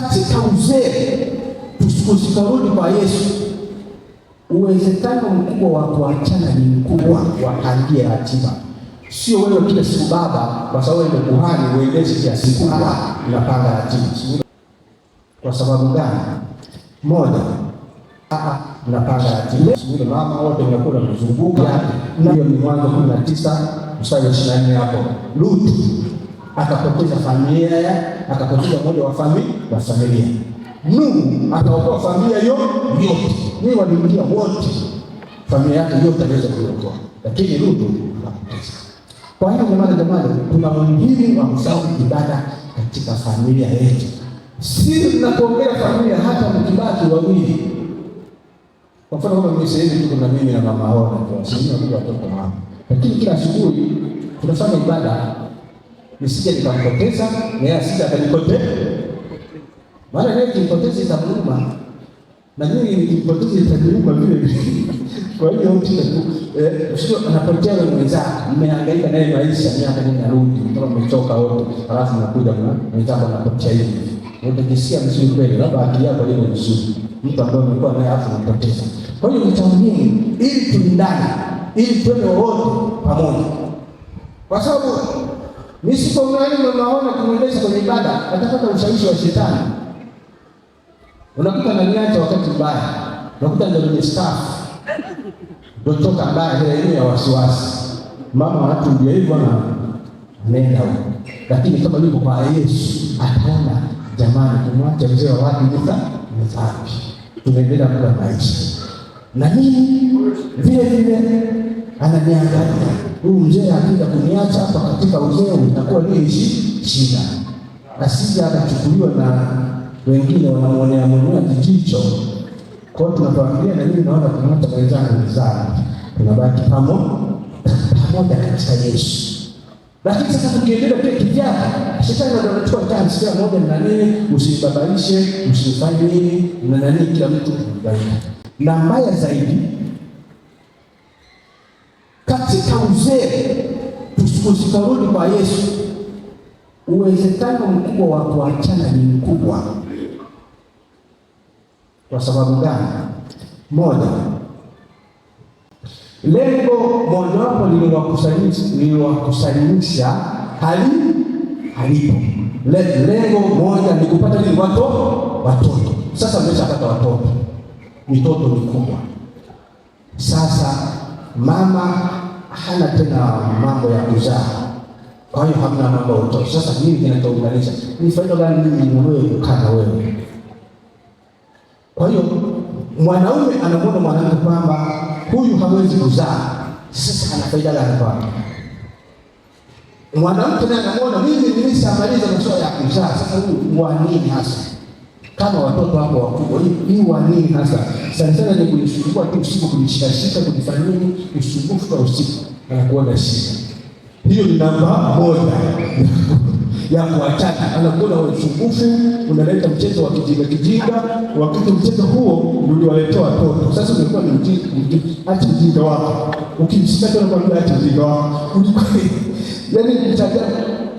katika uzee tusiposikarudi kwa Yesu, uwezekano mkubwa wa kuachana ni mkubwa wa aliye ratiba. Sio wewe kila siku baba, kwa sababu wewe ni kuhani uendeshe kila siku, ala unapanga ratiba. Kwa sababu gani? Moja, aa, unapanga ratiba. Sio mama wote mnakuwa mzunguka. ndio ni Mwanzo 19 mstari 24 hapo Lutu akapoteza familia yake, akapoteza moja wa familia wa familia. Nuhu akaokoa familia hiyo yote, ni walimlia wote, familia yake yote aliweza kuokoa, lakini Lutu akapoteza. Kwa hiyo jamani, jamani, kuna umuhimu wa msao ibada katika familia yetu. Si tunapoongea familia, hata mkibaki wawili, kwa mfano kama mimi sasa hivi kuna mimi na mama hao na kwa sisi na watoto wangu, lakini kila asubuhi tunafanya ibada nisije nikampoteza na yeye asije akanipoteza, maana yeye kimpoteza itamuuma na mimi nikimpoteza itaniuma vile vile. Kwa hiyo mtu eh, sio anapotea na mwenzako, mmehangaika naye maisha miaka nini, narudi kutoka mmechoka wote, halafu nakuja na mwenzako anapotea hivi, unajisikia mzuri kweli, labda akili yako ile nzuri, mtu ambaye amekuwa naye afu anapoteza. Kwa hiyo mtaamini, ili tulindane, ili tuende wote pamoja, kwa sababu Misipomlaani ndio unaona kumwendesha kwenye ibada, atapata ushawishi wa shetani. Unakuta naniacha wakati mbaya, unakuta ndio mwenye stafu ndotoka mbaya hela hiyo ya wasiwasi, mama watu ndio hivyo na nenda huko, lakini kama yuko kwa Yesu ataona, jamani, kumwacha mzee wa watu ni dhambi, tunaendelea kula maisha na nini vile vile ananiangalia huyu mzee akija kuniacha hapa katika uzee itakuwa ile shida, na asije akachukuliwa na wengine wanamwonea mwenyewe kijicho. Kwa hiyo tunapoambia na mimi naona tunapata wenzangu wizara, tunabaki pamo pamoja katika Yesu. Lakini sasa tukiendelea pia kijana, shetani ndio anachukua chance sio moja na nini, usibabaishe, usifanye nini na nani, kila mtu kuangalia. Na mbaya zaidi katika uzee tusikarudi kwa Yesu, uwezekano mkubwa wa kuachana ni mkubwa. Kwa sababu gani? Moja, lengo mojawapo liliwakusanyisha hali halipo. Lengo moja ni kupata nini? Watoto, watoto. Sasa mmeshapata watoto, mitoto mikubwa. Sasa mama hana tena mambo ya kuzaa, kwa hiyo hamna mambo ya utoto. Sasa nini kinachounganisha? Ni faida gani mimi unayoipata wewe? Kwa hiyo mwanaume anamwona mwanamke kwamba huyu hawezi kuzaa, sasa ana faida gani kwake? Mwanamke naye anamwona mimi nilishamaliza masuala ya kuzaa, sasa huyu wa nini hasa kama watoto wako wakubwa. Hii wanini hasa sana sana ni kujisumbua tu usiku, kujishikashika, kulifanya nini, usumbufu wa usiku anakuona shida. Hiyo ni namba moja ya kuachana, anakuona usumbufu, unaleta mchezo wa kijinga kijinga, wakati mchezo huo uliwaletea watoto. Sasa umekuwa ni mjinga, acha mjinga wako, ukimshika tena kwa bila, acha mjinga wako, yaani mtaja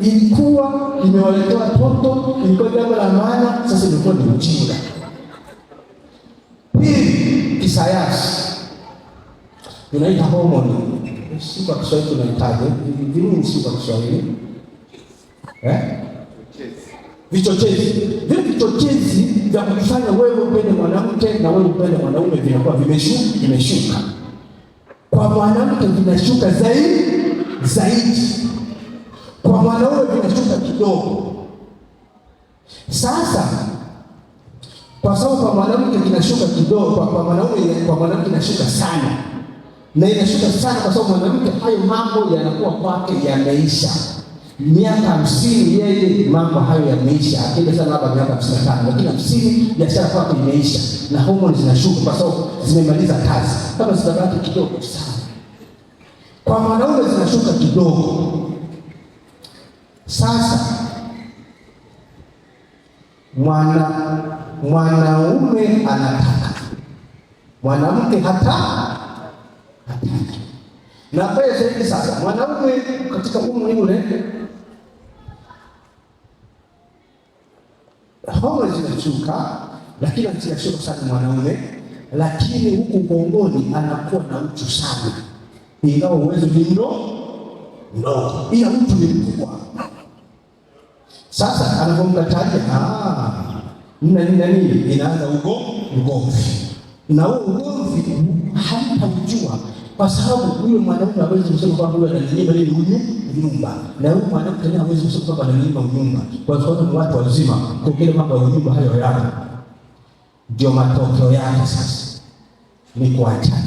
ilikuwa imewaletea watoto, ilikuwa jambo la maana, sasa ilikuwa ni ujinga. Pili, kisayansi tunaita homoni, si kwa Kiswahili tunaitaje? Vinini si kwa Kiswahili eh? Vichochezi vile vichochezi vya kukufanya wewe upende mwanamke na wewe upende mwanaume vinakuwa vimeshuka, kwa mwanamke vinashuka zaidi zaidi kwa mwanaume vinashuka kidogo. Sasa kwa sababu kwa mwanamke kinashuka kidogo, kwa mwanaume kwa mwanamke inashuka sana, na inashuka sana kwa sababu mwanamke, hayo mambo yanakuwa kwake yameisha. Miaka hamsini yeye mambo hayo yameisha, akija sana labda miaka hamsini na tano lakini hamsini biashara kwake imeisha, na homoni zinashuka kwa sababu zimemaliza kazi, kama zitabaki kidogo sana. Kwa mwanaume zinashuka kidogo sasa mwana mwanaume anataka, mwanamke hata hataki. Na zaidi sasa, mwanaume katika umri ule homa zinachuka, lakini hazijashuka sana mwanaume, lakini huku ukongoni anakuwa na mtu sana, ingawa uwezo ni mdogo, ila mtu ni mkubwa sasa anapomkatalia mna ah, nini, inaanza ugomvi, na huo ugomvi hamtaujua kwa sababu huyo mwanamke hawezi kusema kwamba huyo ananinyima ile nyumba, na huyo mwanamke tena hawezi kusema kwamba ananinyima nyumba, kwa sababu ni watu wazima. Kwa kile mambo ya nyumba hayo yako, ndio matokeo yake sasa ni kuacha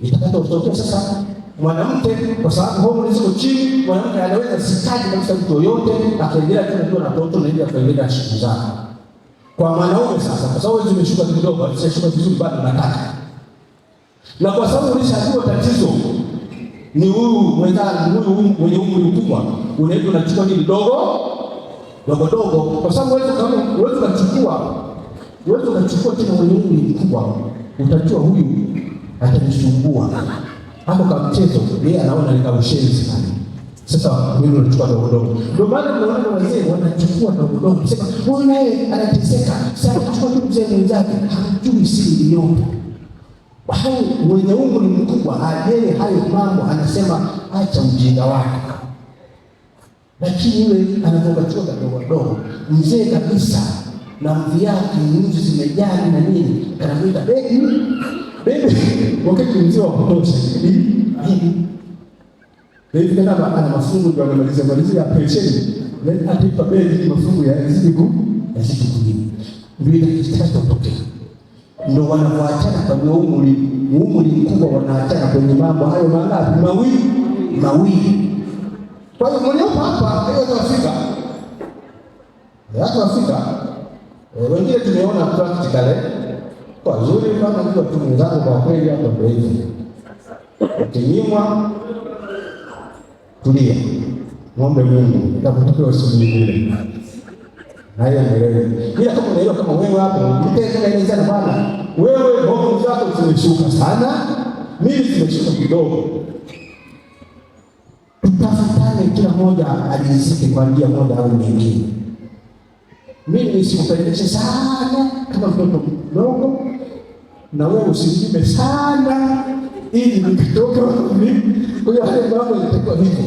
itakapotokea sasa mwanamke kwa sababu homoni ziko chini, mwanamke anaweza sitaji kabisa mtu yoyote akaendelea tena kuwa na mtoto na ndio akaendelea shughuli zake. Kwa mwanaume sasa, kwa sababu hizo zimeshuka kidogo, hazijashuka vizuri, bado unataka na kwa sababu ulishajua tatizo ni huyu mwenzangu, huyu huyu mwenye umri mkubwa, unaenda unachukua hili dogo dogo dogo, kwa sababu wewe kama wewe unachukua wewe unachukua tena mwenye umri mkubwa, utajua huyu atanisumbua hapo kama mchezo yeye anaona ni kaushenzi sana. Sasa mimi nilichukua ndogo ndogo, ndio maana tunaona wazee wanachukua ndogo ndogo, sema huyu naye anateseka sasa, anachukua tu mzee mwenzake, hatujui siri iliyopo. Bahari mwenye umri ni mkubwa, hajele hayo mambo, anasema acha ujinga wako. Lakini yule anavyochukua ndogo ndogo, mzee kabisa na mvi yake nyuzi zimejaa na nini, kanamwita begi Bibi wakati mzee wa kutosha bibi bibi kana ana mafungu ndio anamaliza maliza ya pensheni. Then atipa bibi mafungu ya zidi ku yazidi kunini. Bila kitata kutokea. Ndio wanapoachana kwa umri, umri mkubwa wanaachana kwenye mambo hayo mangapi? Mawili, mawili. Kwa hiyo mliopo hapa hiyo ndio Afrika. Watu Afrika eh, wengine tumeona practical eh? pazuri kama hivyo tu kwa kweli hapa ndio hivi. Ukinyimwa tulia, ng'ombe Mungu takutupe usimnyingine haya mbele, ila kama unaiwa kama wewe hapo mtekenaelezana bana, wewe hofu zako zimeshuka sana, mimi zimeshuka kidogo, tutafutane, kila moja alizike kwa njia moja au nyingine. Mimi sikupendeshe sana kama mtoto mdogo, na wewe usinyime sana, ili nikitoka mimi huyo, hayo mambo yatakuwa hivyo.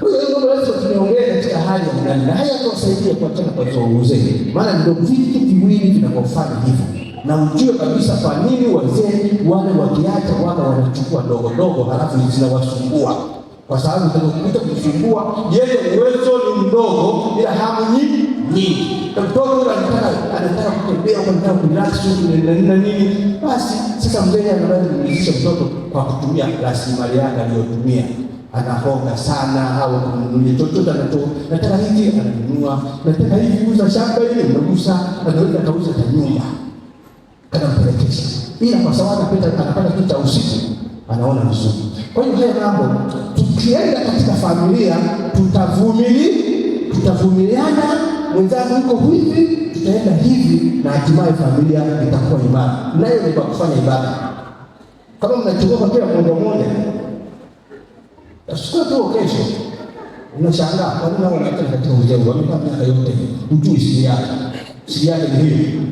Huyo tunaongea katika hali ya ndani, na haya tuwasaidie kuachana kwa uzee, maana ndio vitu viwili vinavyofanya hivyo na ujue kabisa kwa nini wazee wale wakiacha wana wanachukua ndogo ndogo, halafu zinawasumbua kwa sababu zinakuta kusumbua. Yeye uwezo ni mdogo, ila hamu nyingi na mtoto anataka anataka kutembea au anataka kurelax na nini, basi sasa mzee anaweza kumlisha mtoto kwa kutumia rasilimali yake aliyotumia. Anahonga sana au kumnunulia chochote anacho, nataka hiki ananunua, nataka hivi, uza shamba ile unagusa, anaweza kauza ta nyumba anampelekesha, ila kwa sababu anapata anapata kitu cha usiku anaona vizuri. Kwa hiyo haya mambo tukienda katika familia tutavumili tutavumiliana mwenzangu yuko hivi, tutaenda hivi na hatimaye familia itakuwa imara. Nayo ni kwa kufanya ibada. Kama mnachukua kwa kila mmoja mmoja, tasukua tu kesho. Unashangaa kwa nini hao wanakaa katika ujenzi, wamekaa miaka yote, hujui siri yake. Siri yake ni hiyo,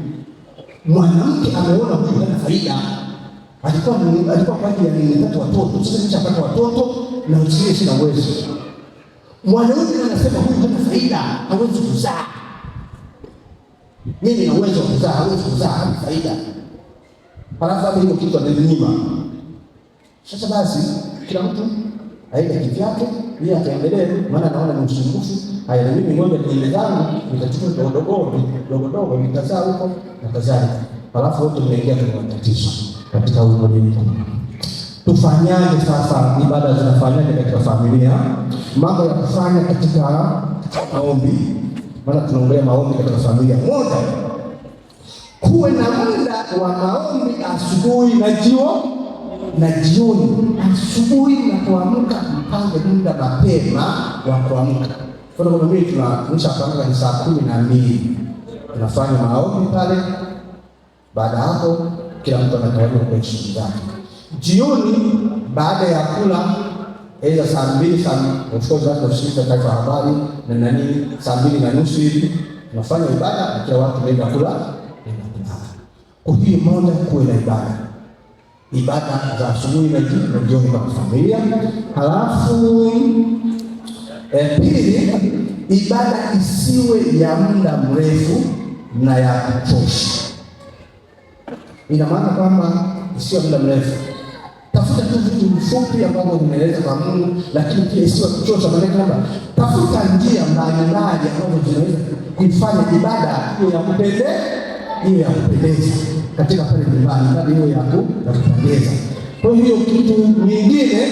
mwanamke ameona kuwa na faida alikuwa alikuwa kwa ajili ya nini? Watoto sasa, nishapata watoto na usiishi sina uwezo Mwanaume anasema huyu hana faida, hawezi kuzaa. Mimi na uwezo wa kuzaa, hawezi kuzaa, hana faida. Halafu hapo hiyo kitu amenyima. Sasa basi kila mtu aende kivyake, yeye ataendelee, maana naona ni msumbufu. Haya, na mimi ng'ombe nywele zangu nitachukua dogodogo dogodogo, nitazaa huko na kadhalika. Halafu wote mnaingia kwenye matatizo katika umoja wetu. Tufanyaje sasa? Ibada zinafanyaje katika familia? mambo ya kufanya katika maombi, maana tunaongelea maombi katika familia moja. Kuwe na muda wa maombi asubuhi na jio na jioni. Asubuhi na kuamka, mpange muda mapema wa kuamka. Mimi tunamisha kuamka ni saa kumi na mbili tunafanya maombi pale. Baada hapo, kila mtu anatawaliwa kwa shughuli zake. Jioni baada ya kula aidha saa mbili taarifa habari na nani, saa mbili na nusu hivi tunafanya ibada, akiwa watu wenda kula. Kwa hiyo moja, kuwe na ibada ibada za asubuhi na jioni kwa familia. Halafu eh, pili, ibada isiwe ya muda mrefu na ya kuchosha, ina maana kwamba isiwe muda mrefu Tafuta tu vitu vifupi ambavyo vimeeleza kwa Mungu, lakini pia isiwe kuchosha, maana kwamba tafuta njia mbalimbali ambazo zinaweza kuifanya ibada hiyo ya kupendeza, hiyo ya kupendeza katika pale nyumbani, ibada hiyo ya kupendeza. Kwa hiyo kitu nyingine,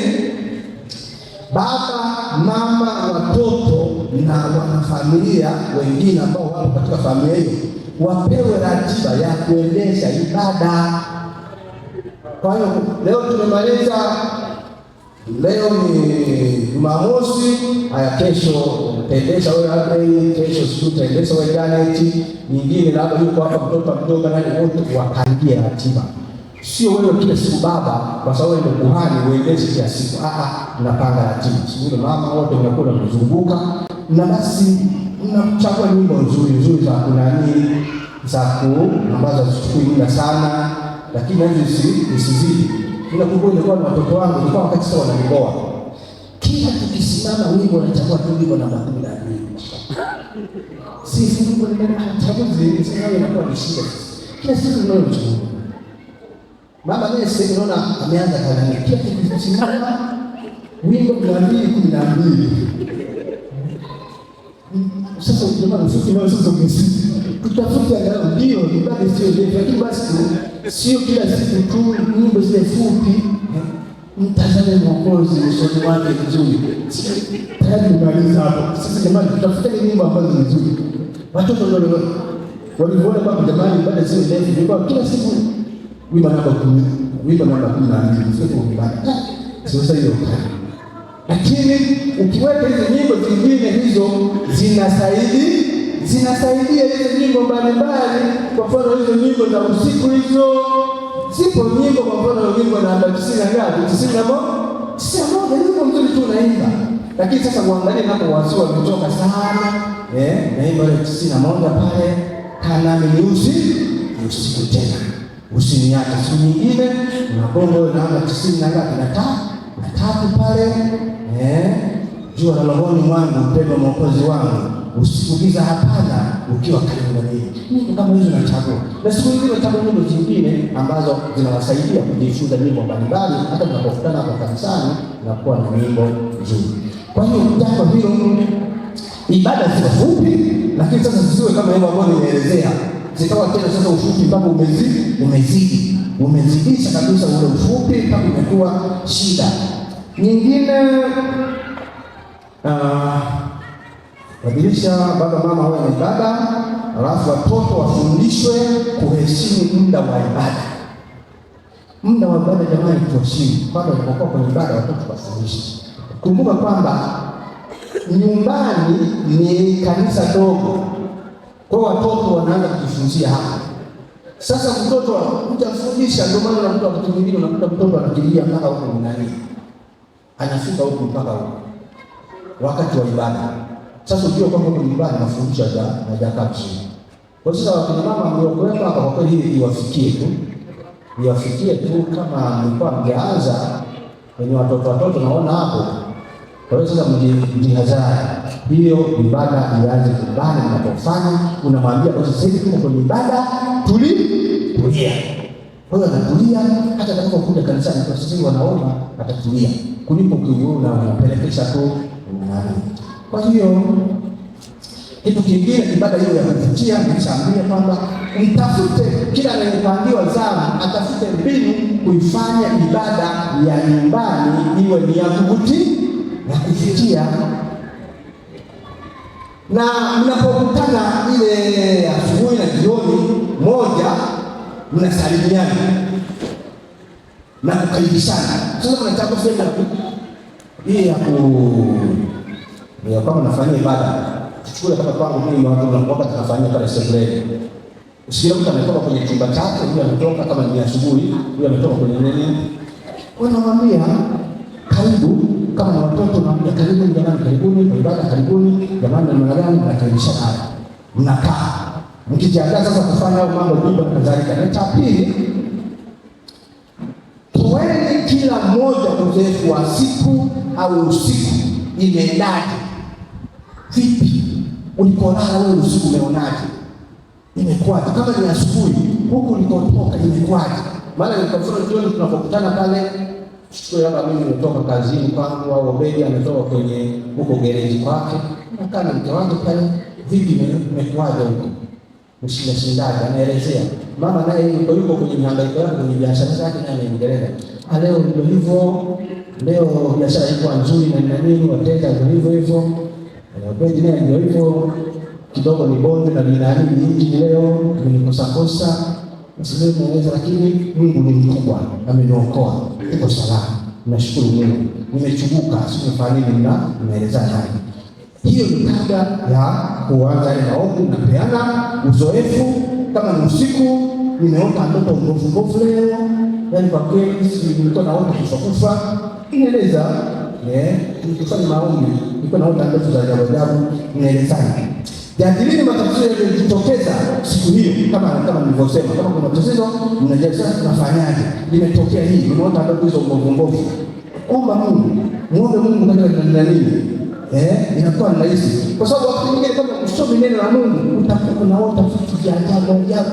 baba, mama, watoto na wanafamilia wengine ambao wapo katika familia hiyo wapewe ratiba ya kuendesha ibada. Kwa hiyo leo tumemaliza, leo ni Jumamosi. Haya, kesho tendesha wewe hapa, kesho siku tendesha wewe gani nyingine, labda yuko hapa mtoto mdogo, nani wote wapangie ratiba, sio wewe kila siku baba, kwa sababu wewe ni kuhani uendeshe kila siku. Ah ah, tunapanga ratiba, ile, mama wote mnakuwa mzunguka na basi mnachagua nyimbo nzuri nzuri za kunani za ku ambazo zichukui muda sana lakini hizi si usizidi. Ninakumbuka nilikuwa na watoto wangu, nilikuwa wakati sasa wananiboa, kila tukisimama wimbo unachagua tu wimbo na matunda ya Mungu, si fungu ndio nachagua zile zile na kwa nishia kila siku ndio nachagua. Mama naye sasa naona ameanza kanani, kila tukisimama wimbo mia mbili kumi na sasa ndio maana sasa sasa tutafute angalau ndio ibada sio ndefu, lakini basi sio kila siku tu nyimbo zile fupi. Mtazame Mwokozi usoni wake vizuri, tayari kumaliza hapo. Sisi jamani, tutafute ni nyimbo ambazo ni nzuri. Watoto ndio walivyoona kwamba jamani, ibada sio ndefu, ilikuwa kila siku wimbo namba kumi, wimbo namba kumi na mbili, sio ibada sasa hiyo. Lakini ukiweka hizo nyimbo zingine hizo zinasaidi zinasaidia hizo nyimbo mbalimbali. Kwa mfano hizo nyimbo za usiku hizo, zipo nyimbo, kwa mfano nyimbo namba tisini na ngapi, tisini na moja, tisini na moja, nyimbo mzuri tu naimba, lakini sasa uangalie kama wazee wametoka sana, eh, naimba ile tisini na moja pale, kana ni usiku tena, usiniacha siku nyingine, unakonda ile namba tisini na ngapi, na tatu na tatu pale, eh, jua la rohoni mwangu, mpendwa mwokozi wangu usiuliza hapana, ukiwa karibu na yeye. Mimi kama hizo nachagua, na siku na nachagua nyimbo zingine ambazo zinawasaidia kujifunza nyimbo mbalimbali, hata tunapokutana kwa kanisani na kuwa na nyimbo nzuri. Kwa hiyo jambo hilo, ibada si fupi, lakini sasa zisiwe kama hivyo ambayo nimeelezea, zikawa tena sasa ufupi mpaka umezidi, umezidi, umezidisha kabisa ule ufupi mpaka umekuwa shida nyingine uh, badilisha baba mama wawe na ibada, alafu watoto wafundishwe kuheshimu muda wa ibada. Muda wa ibada jamani, tuheshimu bado. Walipokuwa kwenye ibada, watoto wafundishwe. Kumbuka kwamba nyumbani ni kanisa dogo, kwa watoto wanaanza kujifunzia hapa sasa. Mtoto utamfundisha, ndio maana unakuta mtu mwingine unakuta mtoto anakimbia mpaka huko mnani, anafika huko mpaka huko wakati wa ibada sasa ujue kwamba huko nyumbani mafundisho na jakabu. Kwa sasa wakina mama mliokuwepo hapa, kwa kweli hili iwafikie tu, iwafikie tu. Kama mlikuwa mjaanza kwenye watoto watoto, naona hapo. Kwa hiyo sasa mjihadhari, hiyo ibada ianze nyumbani. Unapofanya unamwambia kwa sasa hivi tuko kwenye ibada, kulia. Kwa hiyo anatulia, hata kuja kanisani kwa sasa hivi wanaomba atatulia, kulipo ukiona unapelekesha tu unaamini kwa hiyo kitu kingine, ibada hiyo ya kuvutia, nichaambia kwamba mtafute kila anayepangiwa zamu atafute mbinu kuifanya ibada ya nyumbani iwe ni ya kuvutia na kuvutia na mnapokutana ile asubuhi na jioni moja, mnasalimiana na kukaribishana. Sasa kuna jambo hii ya ku ya kwamba nafanyia ibada, chukua kama kwangu mimi watu wangu wanakuomba tunafanyia pale sebuleni. Usikie mtu ametoka kwenye chumba chake, huyu ametoka kama ni asubuhi, huyu ametoka kwenye nini? Wanamwambia karibu, kama na watoto na karibu, jamani, karibuni kwa ibada, karibuni jamani, namna gani nakaribisha hapa. mnakaa mkijiandaa sasa kufanya au mambo bibi na kadhalika. Na cha pili, toeni kila mmoja uzoefu wa siku au usiku, imedadi vipi? Ulikolala wewe usiku umeonaje? Imekwaje? Kama ni asubuhi huku ulikotoka imekwaje? Maana ni kwa mfano jioni tunapokutana pale Sio labda mimi nimetoka kazini kwangu au Obedi ametoka kwenye huko gereji kwake. Nakaa na mke wangu pale, vipi imekuwaje huko? Mshinda shindaje anaelezea. Mama naye yuko yuko kwenye mihangaiko yake kwenye biashara zake naye anaendelea. Ah, leo ndio hivyo. Leo biashara ilikuwa nzuri na nini wateja ndio hivyo hivyo. Kweli naye ndio hivyo kidogo, ni bonde na ninaamini nyingi leo tumenikosakosa msiweza, lakini Mungu ni mkubwa, ameniokoa, niko salama, nashukuru Mungu, nimechubuka, sikufanya nini na naeleza haya. Hiyo ni kabla ya kuanza ile maombi, napeana uzoefu. Kama ni usiku, nimeota ndoto mbovu mbovu leo, yaani kwa kweli nilikuwa naota kufa kufa, inaeleza eh, nikifanya maombi nilikuwa naomba ndoto za ajabu ajabu, ninaelezana. Jadilini matatizo yaliyojitokeza siku hiyo, kama kama nilivyosema, kama kuna tatizo mnajaza, tunafanyaje? Limetokea hii, unaota ndoto hizo mbovu mbovu, omba Mungu, muombe Mungu katika nina nini eh, inakuwa rahisi, kwa sababu wakati mwingine kama usomi neno la Mungu utakuwa unaota vitu vya ajabu ajabu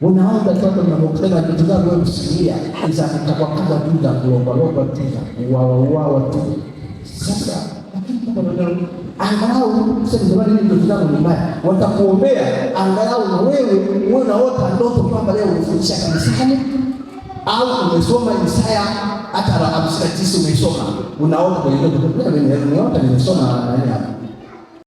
Unaanza sasa mnapokutana kitu gani wewe kusikia hizo mtakwakwa tu za kuomba omba tu wa wa wa tu. Sasa angalau sasa ndio ndugu ndio ni mbaya, watakuombea angalau na wewe wewe unaota ndoto kwamba leo unafundisha kanisani au umesoma Isaya hata hamsini na tisa umeisoma unaota ndio ndoto, nimeota nimesoma nani hapa